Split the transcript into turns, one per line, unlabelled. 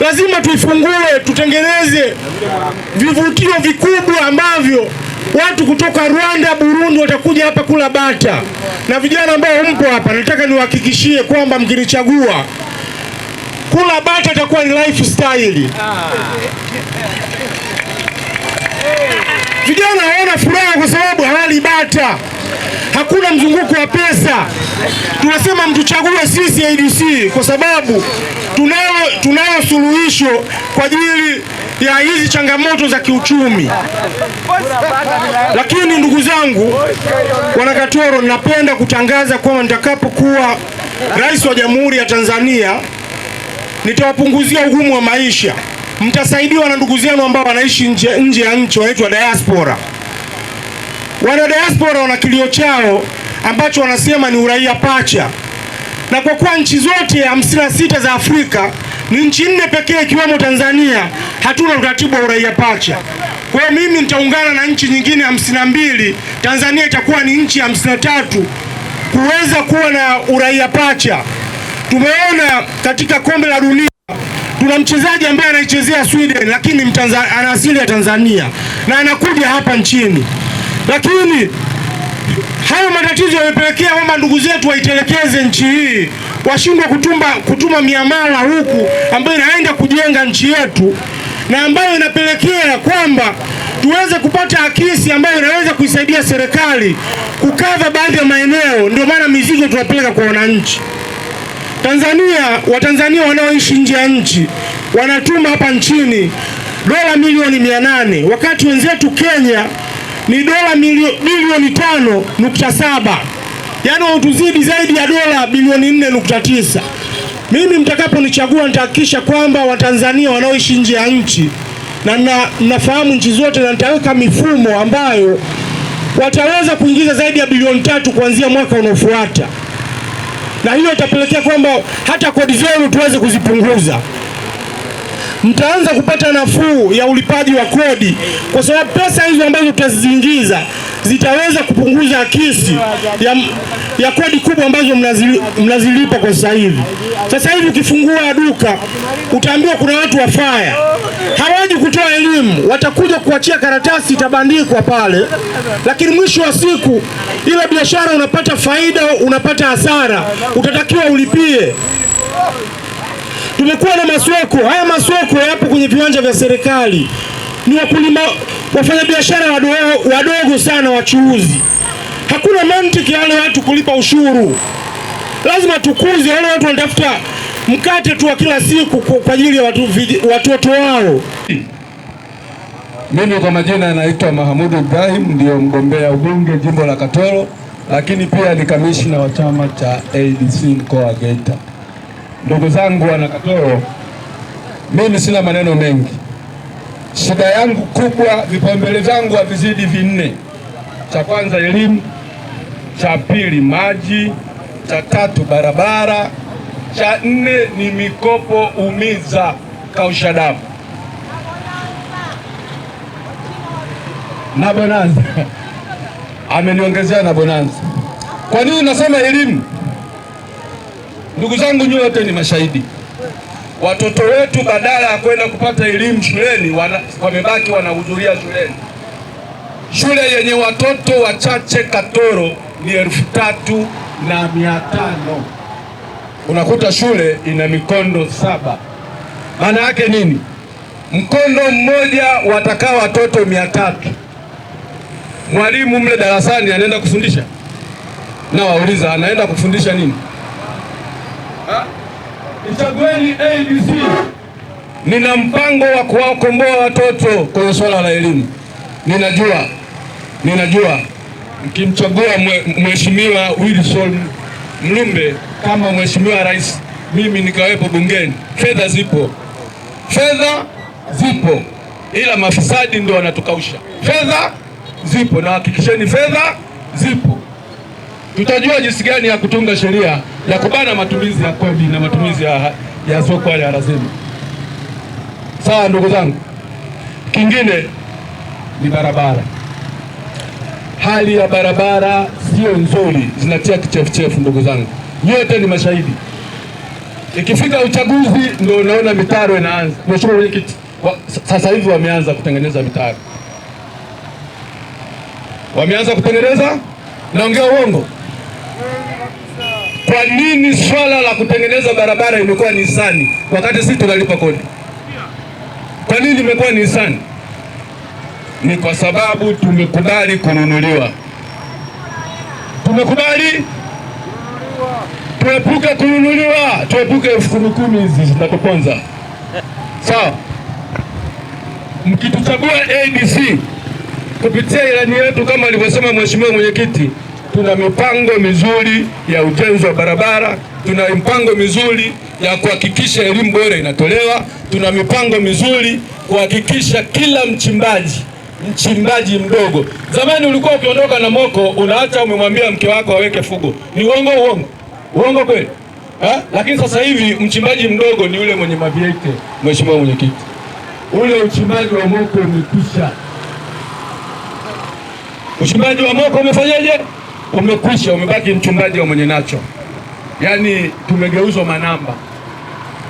Lazima tuifungue, tutengeneze vivutio vikubwa ambavyo watu kutoka Rwanda, Burundi watakuja hapa kula bata. Na vijana ambao mpo hapa, nataka niwahakikishie kwamba mkinichagua, kula bata itakuwa ni lifestyle. Vijana hawana furaha kwa sababu hawali bata hakuna mzunguko wa pesa. Tunasema mtuchague sisi ADC kwa sababu tunayo, tunayo suluhisho kwa ajili ya hizi changamoto za kiuchumi. Lakini ndugu zangu Wanakatoro, napenda kutangaza kwamba nitakapokuwa rais wa Jamhuri ya Tanzania nitawapunguzia ugumu wa maisha. Mtasaidiwa na ndugu zenu ambao wanaishi nje ya nchi, wanaitwa diaspora. Wana diaspora wana kilio chao ambacho wanasema ni uraia pacha, na kwa kuwa nchi zote hamsini na sita za Afrika ni nchi nne pekee ikiwemo Tanzania hatuna utaratibu wa uraia pacha. Kwa hiyo mimi nitaungana na nchi nyingine hamsini na mbili, Tanzania itakuwa ni nchi hamsini na tatu kuweza kuwa na uraia pacha. Tumeona katika kombe la dunia tuna mchezaji ambaye anaichezea Sweden, lakini ana asili ya Tanzania na anakuja hapa nchini lakini hayo matatizo yamepelekea kwamba ndugu zetu waitelekeze nchi hii, washindwe kutumba kutuma miamala huku ambayo inaenda kujenga nchi yetu na ambayo inapelekea kwamba tuweze kupata akisi ambayo inaweza kuisaidia serikali kukava baadhi ya maeneo. Ndio maana mizigo tunapeleka kwa wananchi Tanzania. Watanzania wanaoishi nje ya nchi wanatuma hapa nchini dola milioni mia nane wakati wenzetu Kenya ni dola bilioni tano nukta saba yaani wautuzidi zaidi ya dola bilioni nne nukta tisa. Mimi mtakaponichagua nitahakikisha kwamba Watanzania wanaoishi nje ya nchi na nafahamu nchi zote, na nitaweka mifumo ambayo wataweza kuingiza zaidi ya bilioni tatu kuanzia mwaka unaofuata, na hiyo itapelekea kwamba hata kodi zenu tuweze kuzipunguza mtaanza kupata nafuu ya ulipaji wa kodi, kwa sababu pesa hizo ambazo tutaziingiza zitaweza kupunguza akisi ya, ya kodi kubwa ambazo mnazilipa kwa sasa hivi. Sasa hivi ukifungua duka utaambiwa kuna watu wa faya, hawaji kutoa elimu, watakuja kuachia karatasi itabandikwa pale, lakini mwisho wa siku ile biashara unapata faida, unapata hasara, utatakiwa ulipie na masweko. Haya masweko yapo kwenye viwanja vya serikali, ni wakulima, wafanyabiashara wadogo, wadogo sana, wachuuzi. Hakuna mantiki wale watu kulipa ushuru, lazima tukuze wale watu wanatafuta mkate tu wa kila siku kwa ajili ya watoto wao.
Mimi kwa majina naitwa Mahamudu Ibrahim, ndio mgombea ubunge jimbo la Katoro, lakini pia ni kamishna wa chama cha ADC mkoa wa Geita. Ndugu zangu wana Katoro, mimi sina maneno mengi. Shida yangu kubwa, vipaumbele vyangu havizidi vinne: cha kwanza elimu, cha pili maji, cha tatu barabara, cha nne ni mikopo umiza kausha damu na bonanza ameniongezea na bonanza. Kwa nini nasema elimu? Ndugu zangu, nyote ni mashahidi. Watoto wetu badala ya kwenda kupata elimu shuleni wana, wamebaki wanahudhuria shuleni. Shule yenye watoto wachache Katoro ni elfu tatu na mia tano unakuta shule ina mikondo saba. Maana yake nini? Mkondo mmoja watakaa watoto mia tatu. Mwalimu mle darasani anaenda kufundisha na wauliza, anaenda kufundisha nini? Nichagueni ABC. Nina mpango wa kuwakomboa watoto kwenye swala la elimu. Ninajua, ninajua mkimchagua mheshimiwa Wilson Mlumbe kama mheshimiwa rais, mimi nikawepo bungeni, fedha zipo, fedha zipo, ila mafisadi ndio wanatukausha. Fedha zipo, na hakikisheni fedha zipo tutajua jinsi gani ya kutunga sheria ya kubana matumizi ya kodi na matumizi ya, ya soko ya lazima. Sawa ndugu zangu, kingine ni barabara. Hali ya barabara sio nzuri, zinatia kichefuchefu ndugu zangu, nyote ni mashahidi. Ikifika uchaguzi ndio unaona mitaro inaanza. Mheshimiwa Mwenyekiti, sasa hivi wameanza kutengeneza mitaro, wameanza kutengeneza, naongea uongo? Kwa nini swala la kutengeneza barabara imekuwa ni hisani wakati sisi tunalipa kodi? Kwa nini imekuwa ni hisani? Ni kwa sababu tumekubali kununuliwa, tumekubali tuepuke kununuliwa, tuepuke elfu kumi kumi hizi zinatuponza. Sawa, mkituchagua ADC kupitia ilani yetu kama alivyosema mheshimiwa mwenyekiti tuna mipango mizuri ya ujenzi wa barabara, tuna mipango mizuri ya kuhakikisha elimu bora inatolewa, tuna mipango mizuri kuhakikisha kila mchimbaji mchimbaji mdogo. Zamani ulikuwa ukiondoka na moko unaacha umemwambia mke wako aweke fugo, ni uongo uongo uongo kweli, lakini sasa hivi mchimbaji mdogo ni yule mwenye maviete. Mheshimiwa Mwenyekiti, ule uchimbaji wa moko umekwisha. Uchimbaji wa moko umefanyaje? umekwisha, umebaki mchungaji wa mwenye nacho, yaani tumegeuzwa manamba.